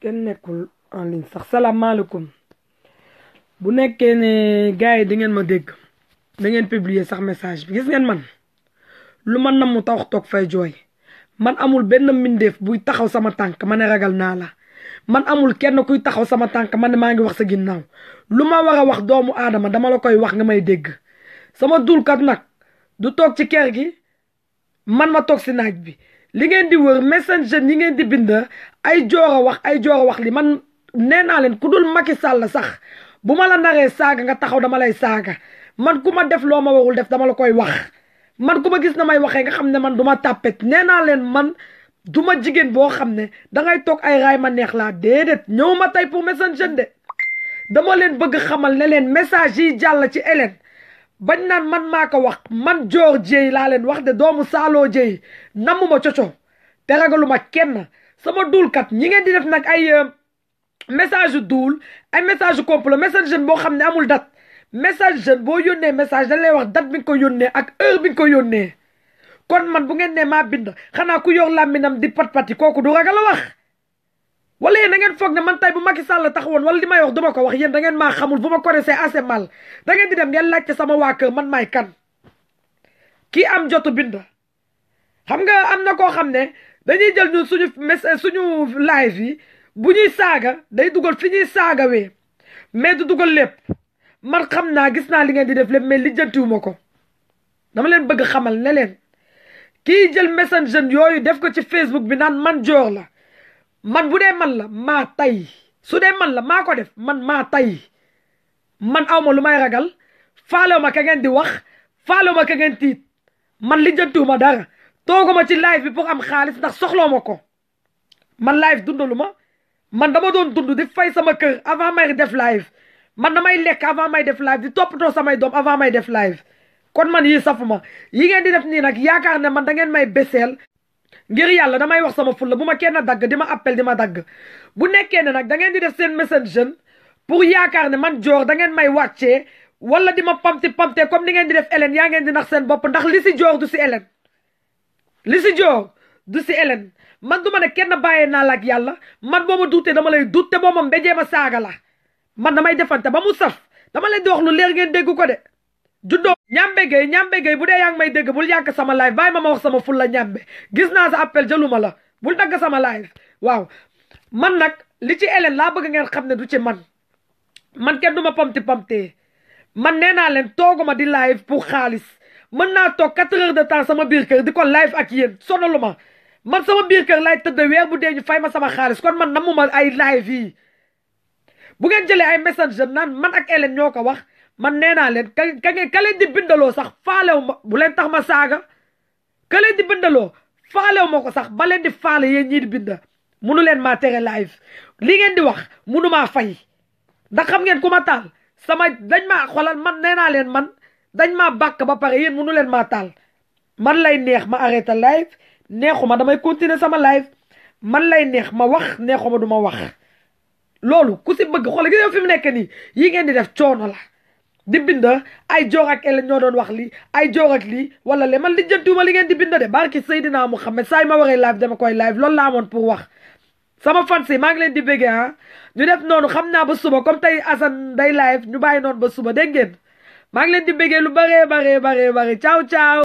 kenn nekkul en ligne sax salaamaaleykum bu nekkee ne gars yi da ngeen ma dégg da ngeen publier sax message bi gis ngeen man lu man na mu taw toog fay jooy man amul benn mindeef buy taxaw sama tànk ma ne ragal naa la man amul kenn kuy taxaw sama tànk man ne maa ngi wax sa ginnaaw lu ma wax a wax doomu aadama dama la koy wax nga may dégg sama dulkat nag du toog ci kër gi man ma toog si naaj bi li ngeen di wër messenger yi ngeen di bind ay joor wax ay joor wax li man nee naa leen ku dul Macky Sall sax bu ma la naree saaga nga taxaw dama lay saaga man ku ma def loo ma warul def dama la koy wax man ku ma gis na may waxee nga xam ne man du ma tàppet nee naa leen man du ma jigéen boo xam ne dangay toog ay raay ma neex laa déedéet ñëw ma tey pour messenger de dama leen bëgg xamal ne leen message yi jàll ci Hélène bañ naan man maa ko wax man Dior Dieye laa leen wax de doomu Saaloo Dieye namuma coco te ragaluma kenn sama duulkat ñi ngeen di def nag ay euh, message yu duul ay message yu complot message jeune boo xam ne amul dat message jeune boo yónnee message dañ lay wax date bi nga ko yónnee ak heure bi nga ko yónnee kon man bu ngeen nee maa bind xanaa ku yor làmminam di pat kooku du ragal a wax wala yéen da ngeen foog ne man tay bu Macky Sall taxawoon wala li may wax duma ko wax yéen da ngeen maa xamul bu ma connaissez assez mal da di dem ngeen laajte sama waa man maay kan kii am jotu bind xam nga am na koo xam ne dañuy jël ñun suñu message eh, suñu live yi bu ñuy saaga day dugal fi ñuy saagawee mais du dugal lépp man xam naa gis naa li ngeen di def lépp mais lijjantiwuma ko dama leen bëgg xamal ne leen kii jël message jeune yooyu def ko ci Facebook bi naan man joor la man bu dee man la maa tay su dee man la maa ko def man maa tay man awma lu may ragal faalew ma kengeen di wax faalew ma ka ngeen tiit man li jëntuwuma dara tooguma ci live bi pour am xaalis ndax soxloo ma ko man live lu ma man dama doon dund di fay sama kër avant may def live man damay lekk avant may def live di toppatoo samay doom avant may def live kon man yii safuma yii ngeen di def nii nag yaakaar ne man da ngeen may beseel ngir yàlla damay wax sama fulla bu ma kenn dagg dima ma appel di dagg bu nekkee ne nag dangeen di def seen messenger pour yaakaar ne man joor dangeen ngeen may wàccee wala di ma pamti pamte comme ni ngeen di def Hélène yaa ngeen di nax seen bopp ndax li si joor du si Hélène li si joor du si Hélène man du ma ne kenn bàyyee naa la ak yàlla man boo ma duutee dama lay duut te boo ma mbéjee ma saaga la man damay defante ba mu saf dama leen di wax lu leer ngeen dégg ko de juddoo ñambe gay ñambe gay bu dee yaa ngi may dégg bul yàq sama live baay ma ma wax sama fulla ñambe gis naa sa appel jëluma la bul dagg sama live waaw man nag li ci Hélène laa bëgg ngeen xam ne du ci man man kenn du ma pamti pamtee man nee naa leen ma di live pour xaalis mën naa toog quatre heures de temps sama biir di ko live ak yéen ma man sama biir kër lay tëdd weer bu dee ñu fay ma sama xaalis kon man ma ay live yi bu ngeen jëlee ay messenger naan man ak Hélène ñoo ko wax man nee naa leen ka ka ka leen di bindaloo sax faalew ma bu leen tax ma saaga ka leen di bindaloo faalew ma ko sax ba leen di faale yéen ñii di binda munu leen maa tere live li ngeen di wax munu maa fay ndax xam ngeen ku ma taal sama dañ ma xolal man nee naa leen man dañ maa bàkk ba pare yéen munu leen maa taal man lay neex ma arrêté live ma damay continuer sama live man lay neex ma wax neexuma du ma wax loolu ku si bëgg xoolal gi yow fi mu nekk nii yi ngeen di def coono la di bind ay joor ak ele ñoo doon wax li ay joor ak lii wala le man lijjantiwuma li ngeen di bind de barki Seydina Mouhamed saa ma waree live dama koy live loolu laamoon amoon pour wax sama fan si maa ngi leen di béggee ah ñu def noonu xam naa ba suba comme tey Assane day live ñu bàyyi noonu ba suba dégg ngeen maa ngi leen di béggee lu bëree bëree bëree bëri ciao ciao